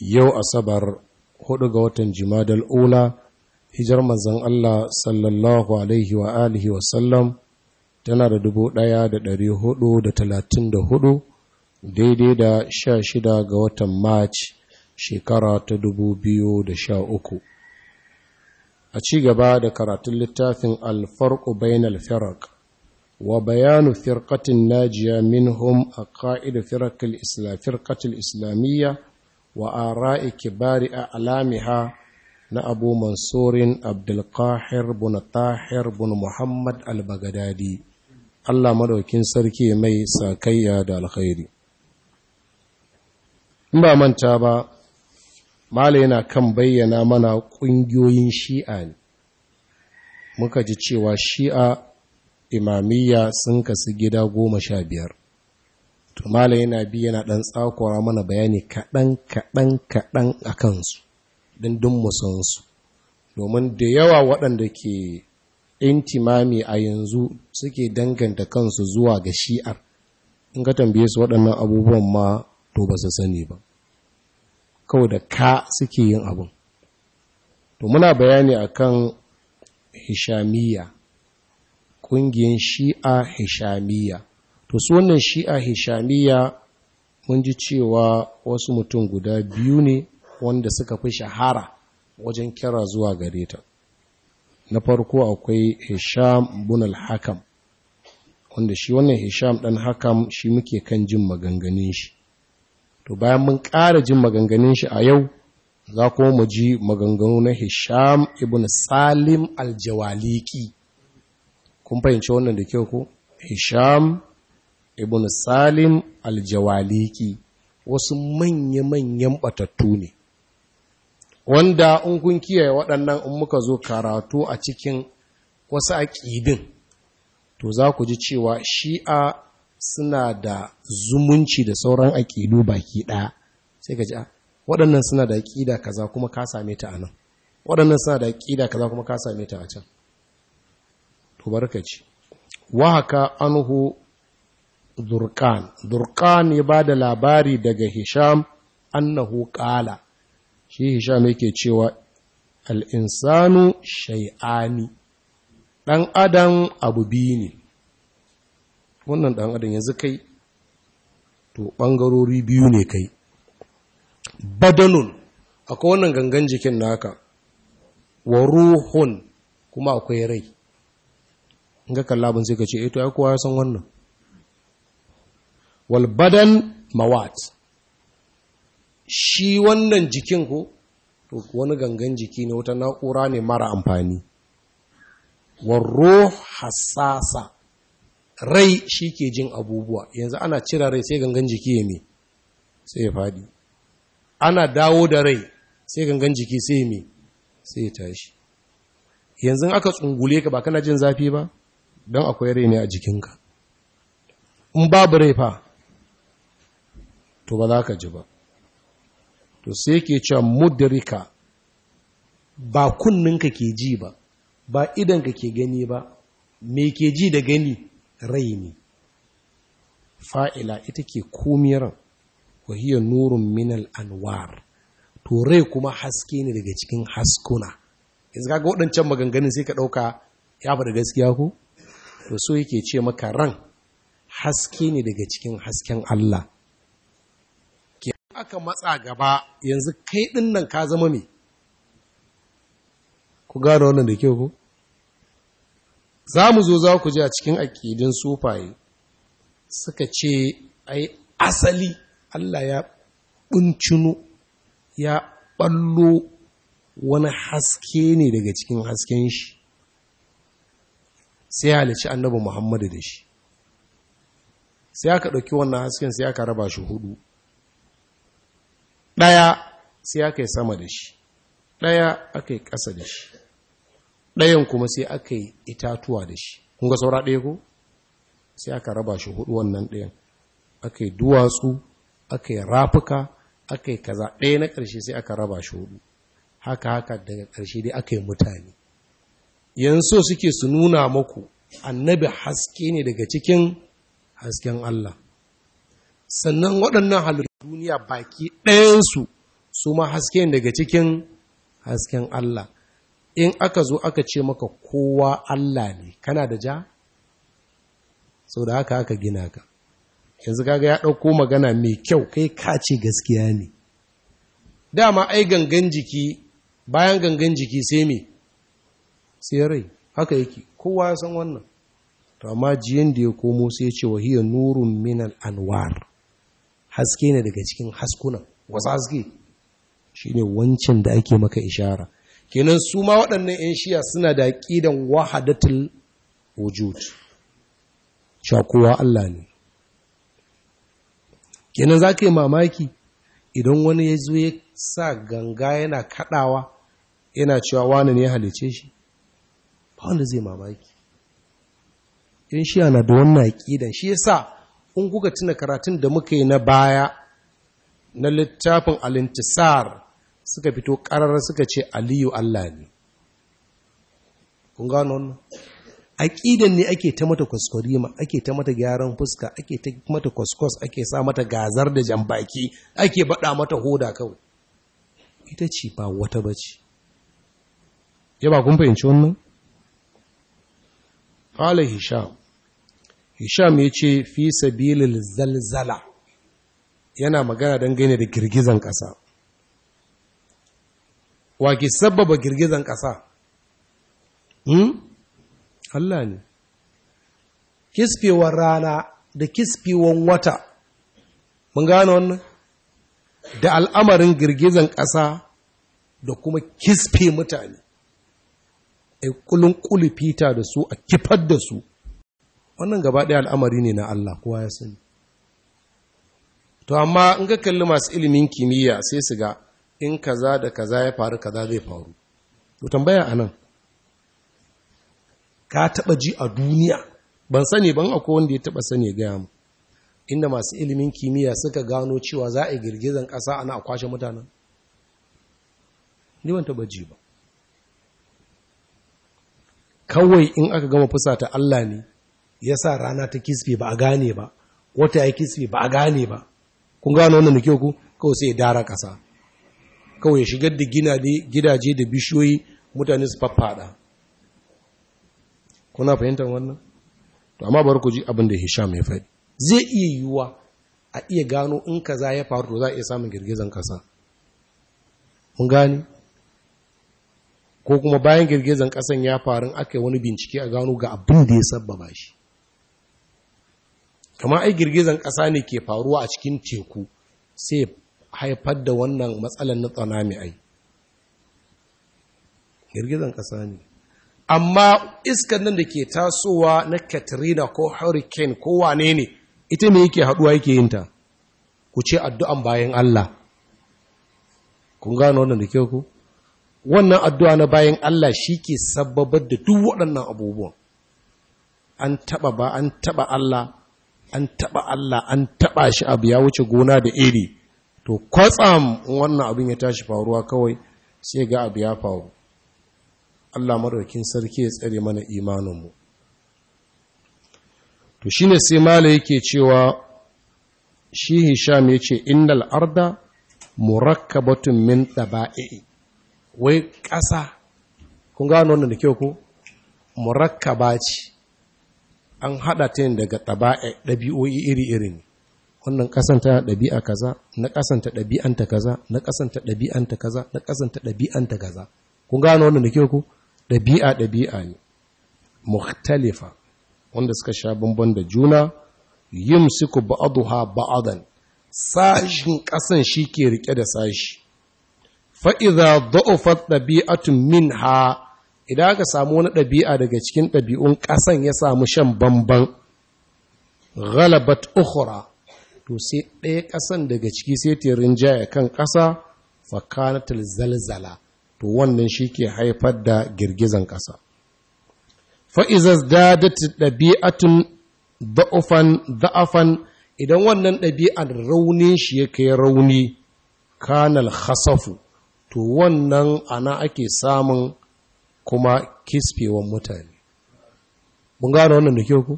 yau asabar hudu ga watan jimadal ula hijar manzan Allah sallallahu alaihi wa alihi sallam tana da dubu daya da dari hudu da talatin da hudu daidai da sha shida ga watan march shekara ta dubu biyu da sha uku a ci gaba da karatun littafin alfarku bayan alfirak wa bayanu firkatin najiya minhum a ka'ida firkatul islamiyya wa ara'i kibari a alamiha na abu mansurin abdulkahir bin tahir bin muhammad al allah madaukin sarki mai sakayya da alkhairi in ba manta ba mala yana kan bayyana mana ƙungiyoyin shi'a ne muka ji cewa shi'a imamiyya sun kasu gida goma sha biyar to mala yana bi yana ɗan tsakowa mana bayani kaɗan kaɗan kaɗan a kansu don dun musansu domin da yawa waɗanda ke intimami a yanzu suke danganta kansu zuwa ga shi'ar in ka tambaye su waɗannan abubuwan ma to ba su sani ba kawai da ka suke yin abin to muna bayani a kan hishamiyya ƙungiyar shi'a hishamiyya to su wannan shi'a hishamiya mun ji cewa wasu mutum guda biyu ne wanda suka fi shahara wajen kira zuwa gare ta na farko akwai hisham bin al-hakam wanda shi wannan hisham dan hakam shi muke kan jin maganganun shi to bayan mun ƙara jin maganganun shi a yau za kuma mu ji maganganu na hisham ibn salim al-jawaliki kun fahimci wannan da kyau ko hisham ibn salim aljawaliki wasu manya-manyan batattu ne wanda in kun kiyaye waɗannan in muka zo karatu a cikin wasu aƙidin to za ku ji cewa shi'a suna da zumunci da sauran aƙidu baki ɗaya sai ka ji ah, waɗannan suna da aƙida kaza kuma ka same ta a nan waɗannan suna da aƙida kaza kuma ka same ta a can to barkaci wa haka anhu Durkan. Durkan ya ba da labari daga Hisham annahu ƙala, shi Hisham yake cewa al'insanu shai'ani, ɗan adam abu biyu ne, wannan ɗan adam yanzu kai, to ɓangarori biyu ne kai. Badanun, akwai wannan gangan jikin naka, wa ruhun kuma akwai rai. In ga kallabin sai ka ce, "Eto, eh, ya kowa ya san wannan." Walbadan mawat shi wannan jikin ko to wani gangan jiki ne wata na'ura ne mara amfani warro hassasa rai shi ke jin abubuwa yanzu ana cira rai sai gangan jiki ya sai ya fadi ana dawo da rai sai gangan jiki sai ya sai ya tashi yanzu aka tsungule ka ba kana jin zafi ba don akwai rai ne a jikinka in babu rai fa to ba za ka ji ba to sai ke cewa mudrika ba kunninka ke ji ba ba ka ke gani ba me ke ji da gani rai ne fa'ila ita ke komiran wahiyar nurun minal anwar to rai kuma haske ne daga cikin haskuna yanzu kaga waɗancan maganganun sai ka ɗauka ya faɗa gaskiya ku? to so yake ce maka ran haske ne daga cikin hasken Allah aka matsa gaba yanzu kai ɗin nan ka zama me ku gane wannan da kyau ku za mu zo za ku ji a cikin aƙidin sufaye suka ce ai asali Allah ya ɓuncino ya ɓallo wani haske ne daga cikin hasken shi sai halici annabi Muhammadu da shi sai aka ɗauki wannan hasken sai aka raba shi hudu ɗaya sai aka yi sama da shi ɗaya aka yi ƙasa da shi ɗayan kuma sai aka yi itatuwa da shi kun saura ɗaya ko sai aka raba shi hudu wannan ɗayan aka yi duwatsu aka yi rafuka aka yi kaza ɗaya na ƙarshe sai aka raba shi hudu haka haka daga ƙarshe dai aka yi mutane yanzu suke su nuna maku annabi haske ne daga cikin hasken Allah sannan waɗannan halittu duniya baki ɗayansu su ma haske daga cikin hasken Allah in aka zo aka ce maka kowa Allah ne kana da ja sau da haka aka gina ka yanzu kaga ya ɗauko magana mai kyau kai kace gaskiya ne dama ai gangan jiki bayan gangan jiki sai me sai rai haka yake kowa ya san wannan to amma jiyan da ya komo sai ya ce wahiyar nurun minal anwar haske ne daga cikin haskunan wasu haske Shi ne wancan da ake maka ishara kenan su ma waɗannan 'yan shiya suna da ƙidan wahadatul wujud cewa kowa Allah ne kenan za ka yi mamaki idan wani ya zo ya sa ganga yana kaɗawa yana cewa wani ne ya halice shi ba wanda zai mamaki Yan shiya na da wannan ƙidan. shi ya sa in kuka tuna karatun da muka yi na baya na littafin alintisar suka fito karar suka ce aliyu Allah ne kun gano wannan aqidan ne ake ta mata kwaskwarima ake ta mata gyaran fuska ake ta mata kwaskwas ake sa mata gazar da jambaki ake baɗa mata hoda kawai ita ce ba wata bace ce. Yaba kun fahimci wannan qala hisham hisham ya ce fi sabilil zalzala yana magana dangane da girgizan ƙasa wa ke sababa girgizan ƙasa hmm? Allah ne kispewar rana da kispewar wata mun gane wannan da al'amarin girgizan ƙasa da kuma kispe mutane a kulun kulifita da su a kifar da su wannan gaba ɗaya al'amari ne na Allah kowa ya sani to amma in ka kalli masu ilimin kimiyya sai su ga in kaza da kaza ya faru kaza zai faru to tambaya anan ka taba ji a duniya ban sani ban akwai wanda ya taba sani gaya mu inda masu ilimin kimiyya suka gano cewa za a girgizan ƙasa ana a kwashe mutanen ni ban taɓa ji ba kawai in aka gama fusata Allah ne ya sa rana ta kisfe ba a gane ba wata ya kisfe ba a gane ba kun gano wannan da kyau ku kawai sai ya dara ƙasa kawai ya shigar da gidaje da bishiyoyi mutane su faffaɗa kuna fahimtar wannan to amma bari ku ji abin da hisham ya faɗi zai iya yiwuwa a iya gano in kaza ya faru to za a iya samun girgizan ƙasa Kun gani ko kuma bayan girgizan ƙasan ya faru aka yi wani bincike a gano ga abin da ya sabbaba shi kamar ai girgizan ƙasa ne ke faruwa a cikin teku sai haifar da wannan matsalar na tsunami ai girgizan ƙasa ne amma iskan nan da ke tasowa na katrina ko hurricane ko wane ne ita ne yake haɗuwa yake yin ta ku ce addu'an bayan Allah kun gano wannan da ke ku wannan addu'a na bayan Allah shi ke sababar da duk waɗannan abubuwan an taɓa ba an taɓa Allah an taba Allah an taɓa shi abu ya wuce gona da iri to kwatsam wannan abin ya tashi faruwa kawai sai ga abu ya faru Allah madaukin sarki ya tsare mana imaninmu to shine sai mala yake cewa shi hisham ya ce innal arda murakkabatun min taba'i wai ƙasa kun gano wannan da kyau ko murakkaba ce an haɗa ta yin daga ɗabi'o'i iri-iri ne wannan kasanta ɗabi'a kaza na kasanta ɗabi'anta kaza na kasanta ɗabi'anta kaza na kasanta ɗabi'anta kaza kun gano wannan da ke ku ɗabi'a ɗabi'a ne mukhtalifa wanda suka sha bambam da juna yumsiku ha ba'adan. sashin kasan shi ke rike da sashi fa'iza idza da'ufat min ha. idan aka samu wani ɗabi'a daga cikin ɗabi'un ƙasan ya samu shan bamban ghalabat ukhra to sai ɗaya ƙasan daga ciki sai ta rinjaya kan ƙasa fakanatul zalzala to wannan shi ke haifar da girgizan ƙasa da datti ɗabi'atun da'ufan da'afan idan wannan ɗabi'ar rauni shi ya kai rauni kanal hasafu to wannan ana ake samun kuma kispewan mutane mun gano wannan da kyau ku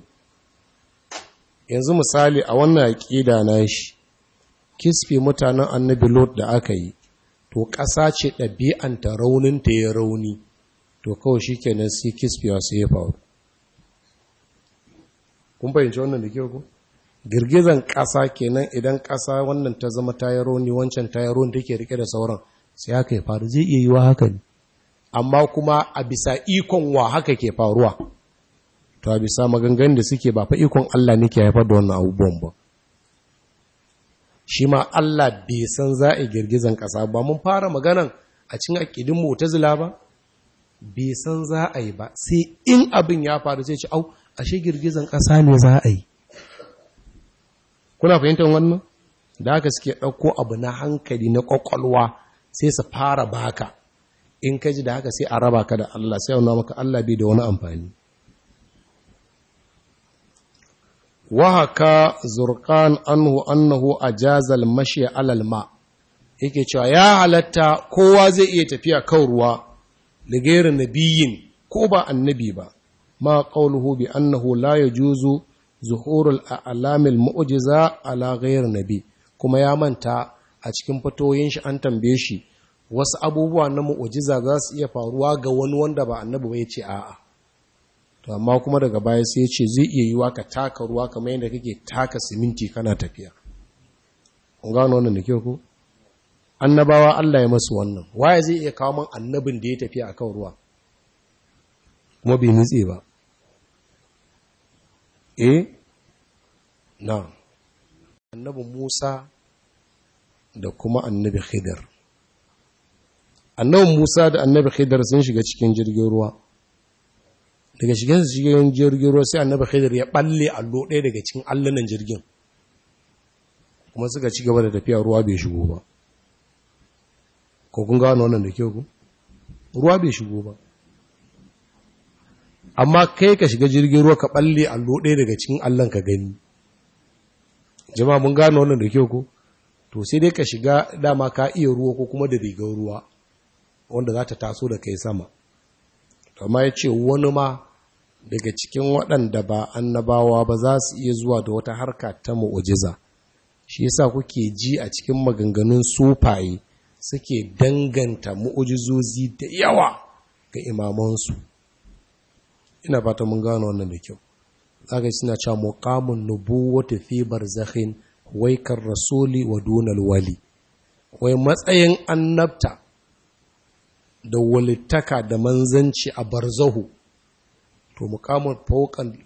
yanzu misali a wannan aƙida na shi kisfe mutanen annabi Lord da aka yi to ƙasa ce ɗabi'anta rauninta ya rauni to kawai shi kenan sai kispewa sai ya faru kun fahimci wannan da kyau ku girgizan ƙasa kenan idan ƙasa wannan ta zama ta yi rauni wancan ta yi rauni take rike da sauran sai haka ya faru zai iya yiwa haka ne amma kuma a bisa ikon wa haka ke faruwa to a bisa maganganun da suke ba fa ikon Allah ne ke haifar da wannan abubuwan ba shi ma Allah bai san za a girgizan ƙasa ba mun fara maganan a cin aƙidin mutazila ba bai san za a yi ba sai in abin ya faru sai ci au ashe girgizan ƙasa ne za a yi kuna fahimtar wannan da haka suke ɗauko abu na hankali na ƙwaƙwalwa sai su fara baka in ka ji da haka sai a raba ka da Allah sai yana maka Allah bai da wani amfani wahaka zurqan anhu annahu ajaza al-mashi ala al-ma yake cewa ya halatta kowa zai iya tafiya kan ruwa ligairu nabiyin ko ba annabi ba ma qawluhu bi annahu la yajuzu zuhurul a'lamil mu'jiza ala ghairi nabi kuma ya manta a cikin fatoyin shi an tambaye shi wasu abubuwa na mu'ujiza za su iya faruwa ga wani wanda ba annabi ba ya ce a'a to amma kuma daga baya sai ya ce zai iya yiwa ka taka ruwa kamar yadda kake taka siminti kana tafiya kun gano wannan da kyau ko annabawa Allah ya masu wannan waye zai iya kawo man annabin da ya tafiya akan ruwa kuma bai nutse ba eh na Annabi Musa da kuma annabi Khidir annabin Musa da annabi Khidir sun shiga cikin jirgin ruwa daga shigen cikin jirgin ruwa sai annabi Khidir ya balle allo ɗaya daga cikin allunan jirgin kuma suka ci gaba da tafiya ruwa bai shigo ba ko kun gano wannan da ke ku ruwa bai shigo ba amma kai ka shiga jirgin ruwa ka balle allo ɗaya daga cikin allan ka gani jama'a mun gano wannan da ke ku to sai dai ka shiga dama ka iya ruwa ko kuma da rigar ruwa wanda za ta taso da kai sama amma ya ce wani ma daga cikin waɗanda ba annabawa ba za su iya zuwa da wata harka ta mu'ujiza shi yasa kuke ji a cikin maganganun sufaye suke danganta mu'ujizozi da yawa ga imamansu ina fata mun gano wannan da kyau za ka suna cewa muqamun nubuwwati fi barzakhin wai rasuli wa dunal wali wai matsayin annabta da walittaka da manzanci a barzahu to mukamin faukan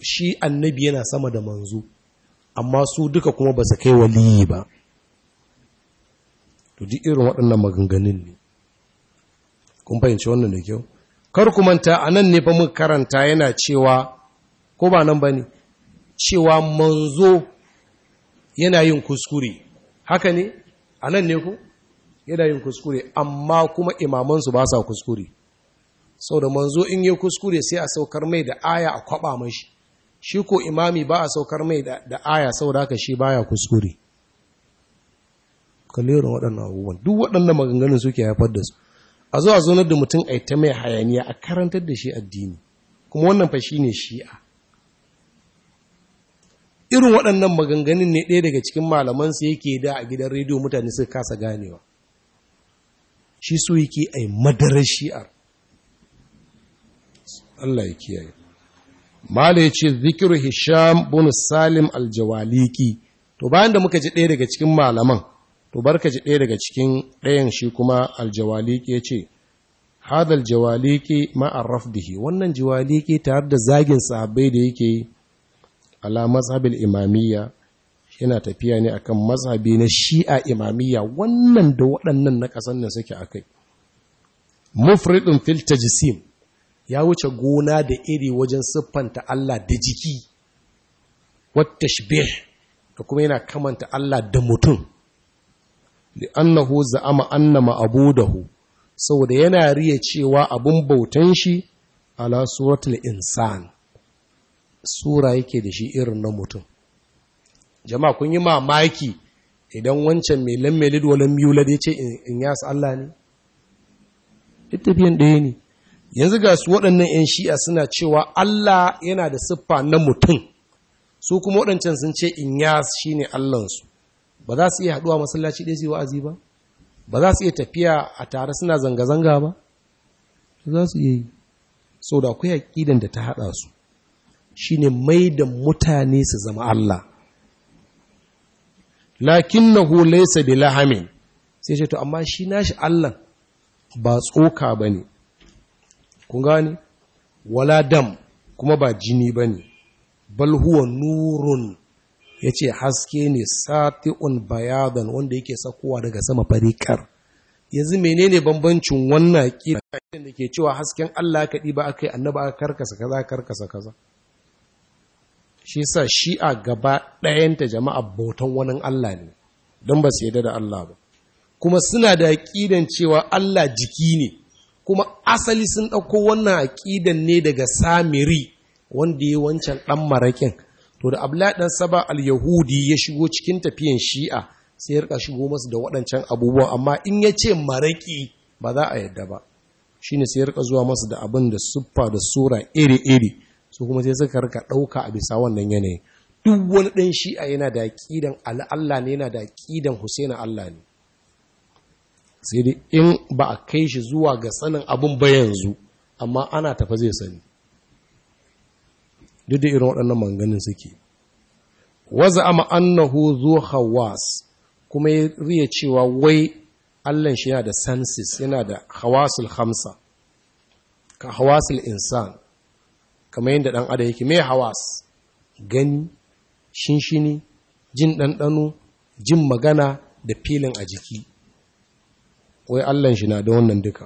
shi annabi yana sama da manzo amma su duka kuma ba su kai waliyi ba to duk irin waɗannan maganganun ne kun fahimci wannan da kyau kar ku manta a nan ne fa karanta yana cewa ko ba nan ba ne cewa manzo yana yin kuskure haka ne a nan ne ku yana yin kuskure amma kuma imamansu ba sa kuskure sau da manzo in yi kuskure sai a saukar mai da aya a kwaba mashi shi ko imami ba a saukar mai da aya sau da shi baya kuskure kalerun waɗannan abubuwan duk waɗannan maganganun suke haifar da su a zo a zonar da mutum a ta mai hayaniya a karantar da shi addini kuma wannan fa ne shi'a irin waɗannan maganganun ne ɗaya daga cikin malamansa yake da a gidan rediyo mutane suka kasa ganewa shi so yake a madarar shi'ar Allah ya kiyaye mala ya ce zikiru hisham bin salim aljawaliki to bayan da muka ji ɗaya daga cikin malaman to barka ji ɗaya daga cikin ɗayan shi kuma aljawaliki ya ce hada aljawaliki ma'ar rafdihi wannan jawaliki tare da zagin sahabbai da yake ala mazhabil imamiyya yana tafiya ne akan mazhabi na shi'a imamiyya wannan da waɗannan na ƙasar nan suke kai mufridin filta jisim ya wuce gona da iri wajen siffanta Allah da jiki wata tashbih da kuma yana kamanta Allah da mutum li'annahu za'ama hu. Sau da yana riya cewa abin bautan shi ala suratul insan sura yake da shi irin na mutum jama'a kun yi mamaki idan wancan mai lammelid miyu lade ce in yas Allah ne duk tafiyan ɗaya ne yanzu ga su waɗannan 'yan shi'a suna cewa Allah yana da siffa na mutum su kuma waɗancan sun ce in yas shi ne Allahnsu ba za su iya haɗuwa masallaci ɗaya su yi wa'azi ba ba za su iya tafiya a tare suna zanga-zanga ba za su iya yi sau da akwai aƙidan da ta haɗa su shi ne mai da mutane su zama Allah lakinnahu laysa bilahamin sai ce to amma shi nashi Allah ba tsoka bane kun gane wala dam kuma ba jini bane bal huwa nurun yace haske ne sati'un bayadan wanda yake sakowa daga sama farikar yanzu menene bambancin wannan aqida da ke cewa hasken Allah ka diba akai annaba aka karkasa kaza karkasa kaza shi sa shi'a gaba ɗayanta jama'a bautan wani Allah ne don ba su yada da Allah ba kuma suna da aƙidan cewa Allah jiki ne kuma asali sun ɗauko wannan aƙidan ne daga samiri wanda ya wancan ɗan maraƙin to da abla ɗan saba al-yahudi ya shigo cikin tafiyan shi'a sai ya rika shigo masu da waɗancan abubuwa amma in ya ce maraƙi ba za a yadda ba shine sai ya rika zuwa masu da abin da siffa da sura iri-iri su kuma sai suka rika ɗauka a bisa wannan yanayi duk wani ɗan shi'a yana da aƙidan Allah ne yana da aƙidan Husaina Allah ne sai dai in ba a kai shi zuwa ga sanin abun ba yanzu amma ana tafa zai sani duk da irin waɗannan manganin suke waza ama annahu zu hawas kuma riya cewa wai allah shi yana da senses yana da hawasul hamsa ka hawasul insan kamar yadda ɗan adam yake mai hawas gani shinshini jin ɗanɗano jin magana da filin a jiki wai allon shi na da wannan duka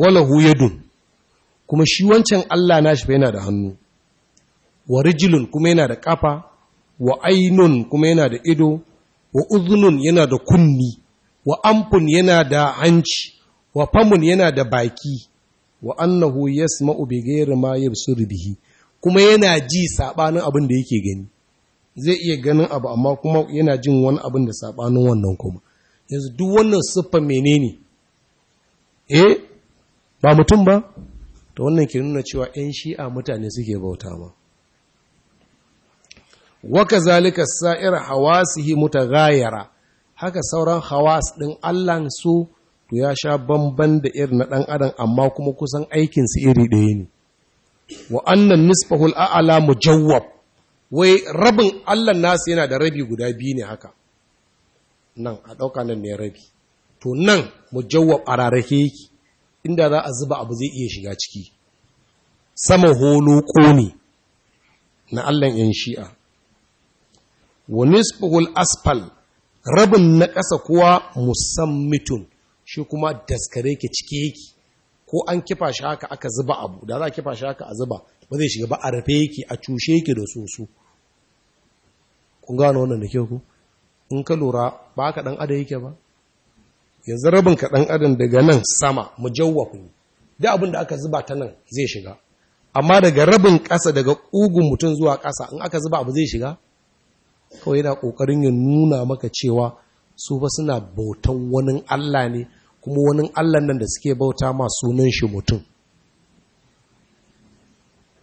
walahu yadun kuma shi wancan allah na shi yana da hannu wa rijilun kuma yana da ƙafa wa ainun kuma yana da ido wa uzunun yana da kunni wa amfun yana da hanci wa famun yana da baki wa annahu yasma'u bi ghairi ma yabsur bihi kuma yana ji sabanin abin da yake gani zai iya ganin abu amma kuma yana jin wani abin da sabanin wannan kuma yanzu duk wannan siffa menene eh ba mutum ba to wannan ke nuna cewa 'yan shi'a mutane suke bauta ba waka zalika sa'ir hawasihi gayara. haka sauran hawas ɗin allah su to ya sha bamban da irin na ɗan adam amma kuma kusan aikinsu iri ɗaya ne wa annan nisfahul a'ala mujawwab wai rabin Allah nasu yana da rabi guda biyu ne haka nan a ɗauka nan ne rabi to nan mujawwab a rarrake yake inda za a zuba abu zai iya shiga ciki sama holo ƙoni na Allahn ‘yan shi'a. Wa nisfuhul asfal, rabin na ƙasa kuwa musammitun, shi kuma daskare ke cike yake ko an kifa shi haka aka zuba abu da za a kifa shi haka a zuba ba zai shiga ba a rufe yake a cushe yake da soso kun gano wannan da kyau ku in ka lura ba ka dan adam yake ba yanzu rabin ka dan adam daga nan sama mu mujawwaf ne da abin da aka zuba ta nan zai shiga amma daga rabin ƙasa daga ƙugun mutum zuwa ƙasa in aka zuba abu zai shiga kawai yana ƙoƙarin ya nuna maka cewa su ba suna bautan wani Allah ne kuma wani allan nan da suke bauta ma sunan shi mutum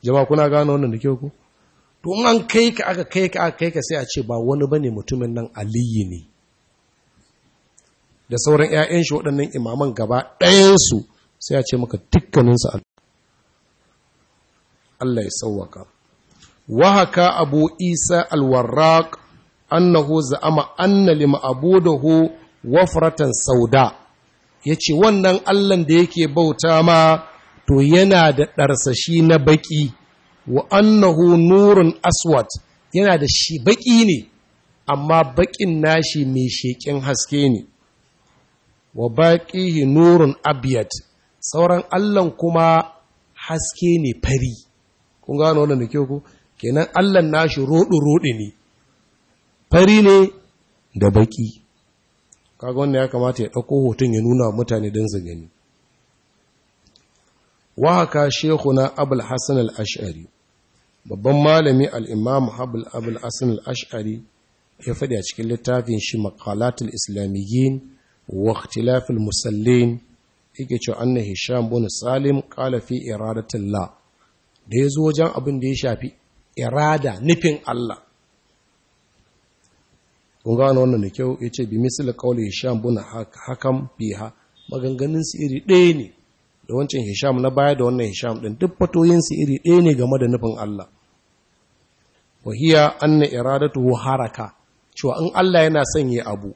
jama'a kuna gano wannan da kyau ku to an kai ka aka kai ka aka kai ka sai a ce ba wani bane mutumin nan aliyi ne da sauran 'ya'yan shi waɗannan imaman gaba ɗayansu sai a ce maka su Allah ya sauwaka wahaka abu isa alwarraq annahu za'ama anna lima abudahu wafratan sauda ya ce wannan allan da yake bauta ma to yana da ɗarsashi na baƙi wa annahu nurun aswad yana da shi baƙi ne amma baƙin nashi mai sheƙin haske ne wa baƙihi nurun abiyat sauran allan kuma haske ne fari kun gano wannan da ke ku kenan allan nashi roɗi-roɗi ne fari ne da baƙi kaga wanda ya kamata ya ɗauko hoton ya nuna mutane don su gani Shehu na abul hassan Al-Ashari babban malami al'imam abul hassan Al-Ashari ya faɗi a cikin littafin shi makalatul islamiyyin wa ikhtilafil musallin yake cewa anna hisham bin salim qala fi iradatillah da zo wajen abin da ya shafi irada nufin Allah kun gano wannan da kyau Ya yace bi misal qawli hisham buna hakan biha maganganun su iri ɗaya ne da wancan hisham na baya da wannan hisham ɗin. duk fatoyin su iri ɗaya ne game da nufin Allah wa hiya anna iradatuhu haraka cewa in Allah yana son abu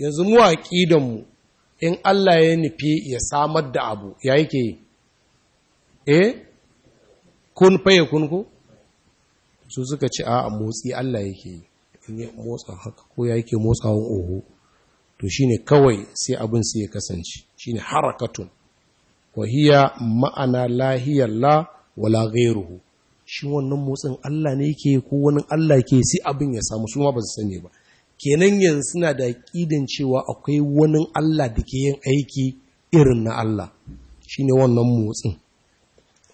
yanzu mu aqidan mu in Allah ya nufi ya samar da abu ya yake eh kun faye kun ko su suka ci a motsi Allah yake yi in ya motsa haka ko ya yake motsawan oho to shine kawai sai abin sai ya kasance shine harakatun wa hiya ma'ana lahiyar la wala gairuhu. shi wannan motsin Allah ne yake ko wani Allah ke sai abin ya samu su ma ba su sani ba kenan yanzu suna da kidan cewa akwai wani Allah da ke yin aiki irin na Allah shine wannan motsin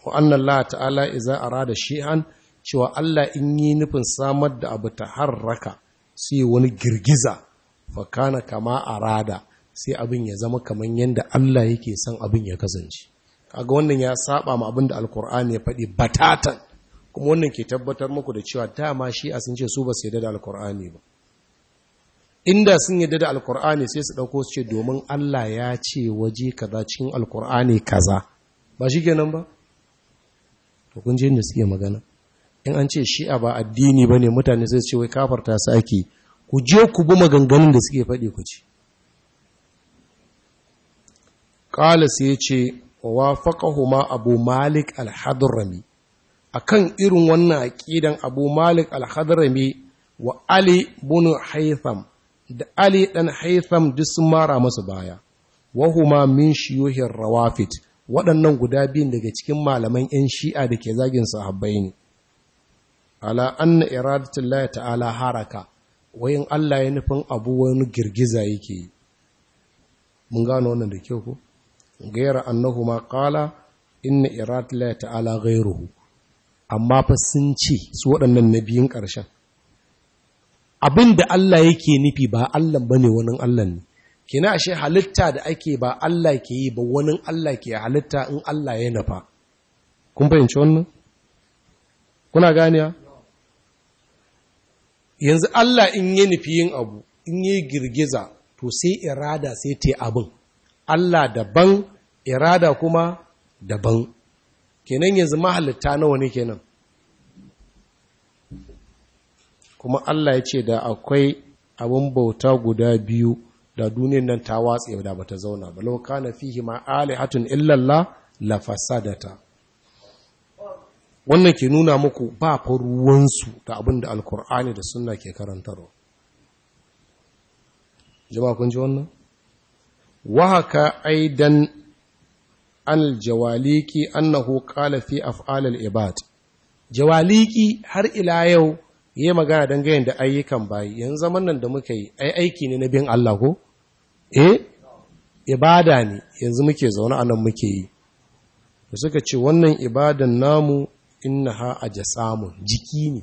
wa anna Allah ta'ala idza arada shay'an cewa Allah in yi nufin samar da abu ta harraka sai wani girgiza fakana kama arada sai abin ya zama kamar yadda Allah yake son abin ya kasance kaga wannan ya saba ma abin da alkur'ani ya faɗi batatan kuma wannan ke tabbatar muku da cewa dama shi a sun ce su ba su yadda da alkur'ani ba inda sun yadda da alkur'ani sai su ɗauko su ce domin Allah ya ce waje kaza cikin alkur'ani kaza ba shi kenan ba to kun je inda suke magana in an ce shi'a ba addini ba ne mutane sai ce wai kafarta su ake ku je ku bi maganganun da suke faɗi ku ci ƙala sai ce wa ma abu malik al a kan irin wannan aƙidan abu malik al wa ali bunu haitham da ali Ɗan haitham duk sun mara masa baya wahuma min shiyuhin rawafit waɗannan guda biyun daga cikin malaman 'yan shi'a da ke zagin sahabbai ne ala anna iradatul ta'ala haraka wayin Allah ya nufin abu wani girgiza yake yi mun gano wannan da kyau ko gaira annahu ma qala inna iradatul ta'ala ghayruhu amma fa sun ce su waɗannan nabiyin ƙarshen abin da Allah yake nufi ba Allah bane wani Allah ne kina ashe halitta da ake ba Allah ke yi ba wani Allah ke halitta in Allah ya nufa kun fahimci wannan kuna ganiya yanzu Allah in yi nufi yin abu in yi girgiza to sai irada sai te abin Allah daban irada kuma daban kenan yanzu mahalitta nawa ne kenan kuma Allah ya ce da akwai abin bauta guda biyu da duniyan nan ta watse da bata zauna ba lau kana fihi ma alihatun illallah la fasadata wannan ke nuna muku ba fa ruwansu da abin da alkur'ani da suna ke karantarwa jama'a kun ji wannan wahaka aidan aljawaliki annahu qala fi ibad jawaliki har ila yau yayi magana dangane da ayyukan bayi yanzu zaman nan da muka yi ai aiki ne na bin Allah ko eh ibada ne yanzu muke zaune a nan muke yi suka ce wannan ibadan namu a jasamun jiki ne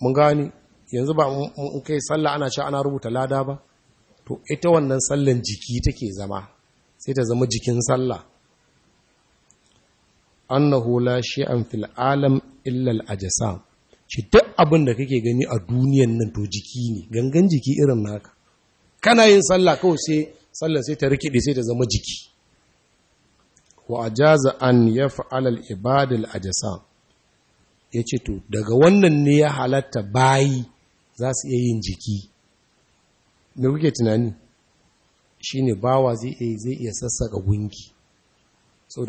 mun gani yanzu ba mun kai sallah ana sha ana rubuta lada ba to ita wannan sallan jiki take zama sai ta zama jikin sallah annahu la shay'an fil alam illa al ajsam shi duk abin da kake gani a duniyan nan to jiki ne gangan jiki irin naka kana yin sallah kawai sai sallar sai ta rikide sai ta zama jiki wa'ajaza an yaf'al al a al ya ce to daga wannan ne ya halatta bayi za su iya yin jiki me kuke tunani shi ne bawa zai iya zai gungi, sassaka gunki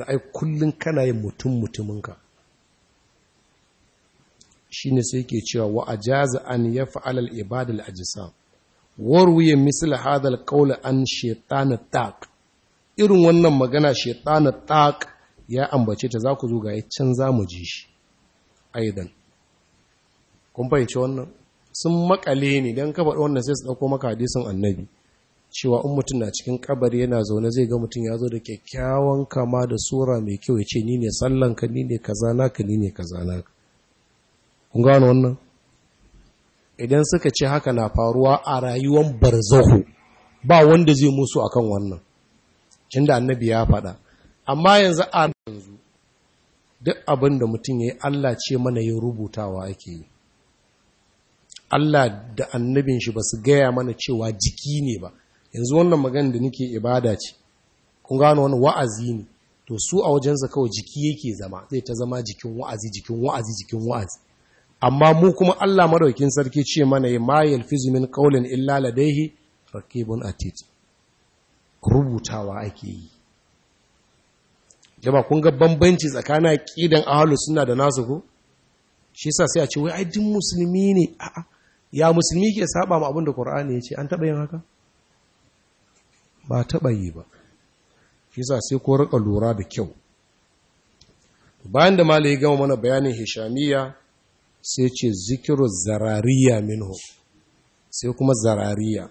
ai kullum kana yin mutum mutuminka ne sai ke cewa wa'ajaza an ya al ibad a ajsam warwiya misl hadha al an shaytan at irin wannan magana shaitana tak ya ambace ta za ku zo ga yi can za mu ji shi aidan kun fahimci wannan sun makale ne don kafa wannan sai su dauko maka hadisin annabi cewa in mutum na cikin kabari yana zaune zai ga mutum ya zo da kyakkyawan kama da sura mai kyau ya ce ni ne sallanka ni ne kazana ka, ni ne kazana ka. kun gano wannan idan suka ce haka na faruwa a rayuwar barzahu ba wanda zai musu akan wannan inda da annabi ya faɗa amma yanzu a yanzu duk abin da mutum ya yi Allah ce mana yin rubutawa ake yi Allah da annabin shi ba su gaya mana cewa jiki ne ba yanzu wannan magana da nake ibada ce kun gano wani wa'azi ne to su a wajensa kawai jiki yake zama zai ta zama jikin wa'azi jikin wa'azi jikin wa'azi amma mu kuma Allah madaukin sarki ce mana ya ma fizimin min illa ladayhi rakibun atit rubutawa ake yi jama kun ga bambanci tsakanin aqidan ahlus suna da nasu ko shi yasa sai a ce wai ai din musulmi ne a'a ya musulmi ke saba ma abin da qur'ani ce an taba yin haka ba taba yi ba shi yasa sai ko rika lura da kyau bayan da malai ya gama mana bayanin hishamiya sai ce zikiru zarariya minhu sai kuma zarariya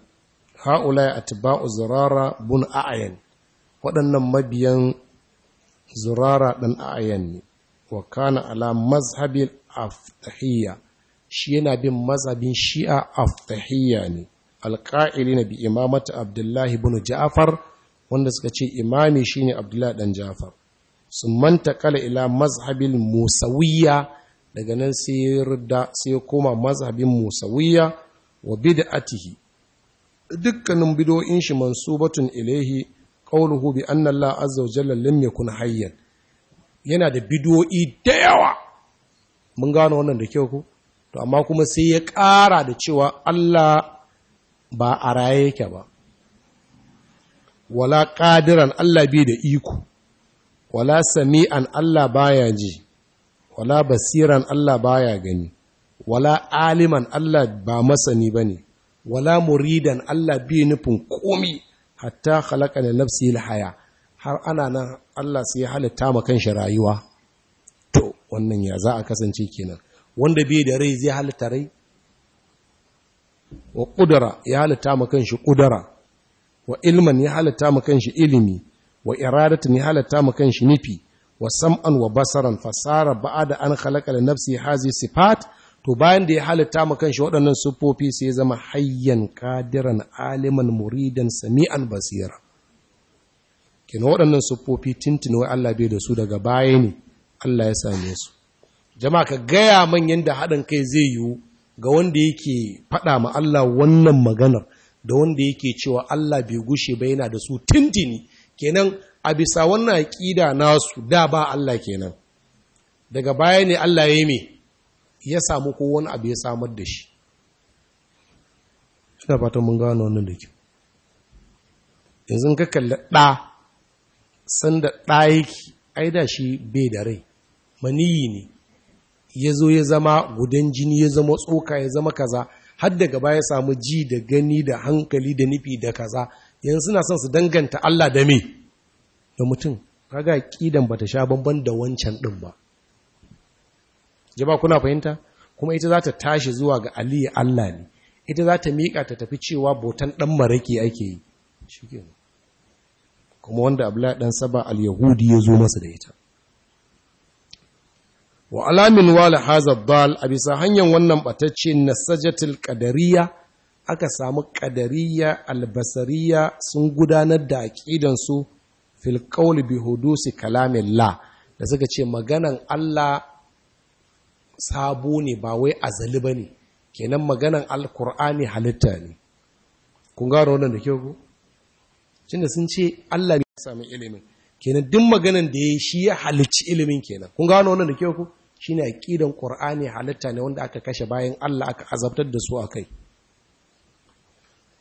ha'ula atba'u zurara bun a'yan waɗannan mabiyan zurara ɗan a'yan ne wa kana ala mazhabil aftahiyya shi yana bin mazhabin shi'a aftahiyya ne alƙa'ili na bi imamata abdullahi bin Jafar, wanda suka ce imami shine abdullahi ɗan Jafar. sun manta kala ila mazhabin musawiyya daga nan sai ya koma mazhabin musawiyya wa bid'atihi dukkanin bidoyin shi mansubatun ilaihi qawluhu bi anna Allah azza wa jalla lam yakun hayyan yana da bidoyi da yawa mun gano wannan da kyau ko to amma kuma sai ya ƙara da cewa Allah ba a raye yake ba wala ƙadiran Allah biyu da iko wala sami'an Allah baya ji wala basiran Allah baya gani wala aliman Allah ba masani bane wala muridan Allah bi nufin komi hatta khalaqa li nafsi haya har ana nan Allah sai ya halitta ma kanshi rayuwa to wannan ya za a kasance kenan wanda bi da rai zai halitta rai wa ƙudura ya halitta ma kanshi ƙudura wa ilman ya halitta ma kanshi ilimi wa iradatin ya halitta ma kanshi nufi wa sam'an wa basaran fasara ba'ada an khalaqa li nafsi hazi sifat to bayan da ya halitta ma kanshi waɗannan siffofi sai zama hayyan kadiran aliman muridan sami'an basira kina waɗannan siffofi tintin wai Allah bai da su daga baya ne Allah ya same su jama'a ka gaya man yanda haɗin kai zai yiwu ga wanda yake faɗa ma Allah wannan maganar da wanda yake cewa Allah bai gushe ba yana da su tintini kenan a bisa wannan aƙida nasu da ba Allah kenan daga baya ne Allah ya yi me ya samu ko wani abu ya samar da shi da fatan mun gano wannan da ke yanzu ka kalli ɗa sanda ɗa yake ai da shi bai da rai maniyi ne ya zo ya zama gudan jini ya zama tsoka ya zama kaza har daga baya samu ji da gani da hankali da nufi da kaza yanzu suna son su danganta Allah da me da mutum kaga kidan bata sha bamban da wancan din ba ba kuna fahimta kuma ita za ta tashi zuwa ga aliyu Allah ne ita za ta miƙa ta tafi cewa botan ɗan Maraƙi ake yi shi kuma wanda abu ɗan saba al-yahudi ya zo masa da ita wa alamin wala a bisa hanyar wannan ɓatacce na sajatul ƙadariya aka samu ƙadariya albasariya sun gudanar da aƙidansu fil qawli bi hudusi kalamin la da suka ce maganan Allah sabo ne ba wai azali ba ne kenan maganan alkur'ani halitta ne kun gano wannan da kyau ku tunda sun ce Allah ne ya sami ilimin kenan duk maganan da ya shi ya halicci ilimin kenan kun gano wannan da kyau ku shine aqidan qur'ani halitta ne wanda aka kashe bayan Allah aka azabtar da su akai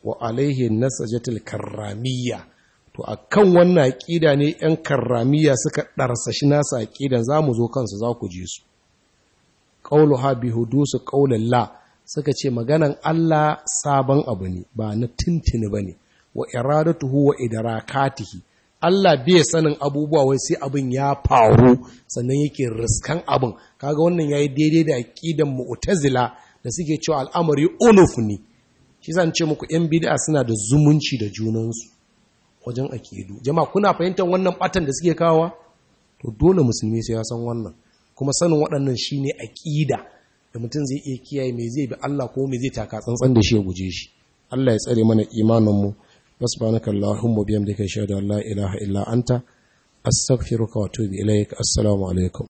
wa alaihi nasajatul karramiyya to akan wannan aqida ne yan karramiyya suka darsa shi nasa aqidan zamu zo kansu za ku ji su qauluha bi hudusu la suka ce maganan Allah sabon abu ne ba na tintini ba ne, wa tuhu wa idrakatihi Allah biya sanin abubuwa wai sai abin ya faru sannan yake riskan abin kaga wannan yayi daidai da aqidan mu'tazila da suke cewa al'amari unuf ne shi zan ce muku yan bid'a suna da zumunci da junansu wajen aqidu jama'a kuna fahimtar wannan batan da suke kawa to dole musulmi sai ya san wannan kuma sanin waɗannan shi ne aƙida da mutum zai iya kiyaye mai zai bi Allah ko mai zai taka tsantsan da shi ya guje shi Allah ya tsare mana imanin mu subhanaka allahumma da ashhadu an Allah ilaha illa anta astaghfiruka wa atubu ilaik assalamu alaikum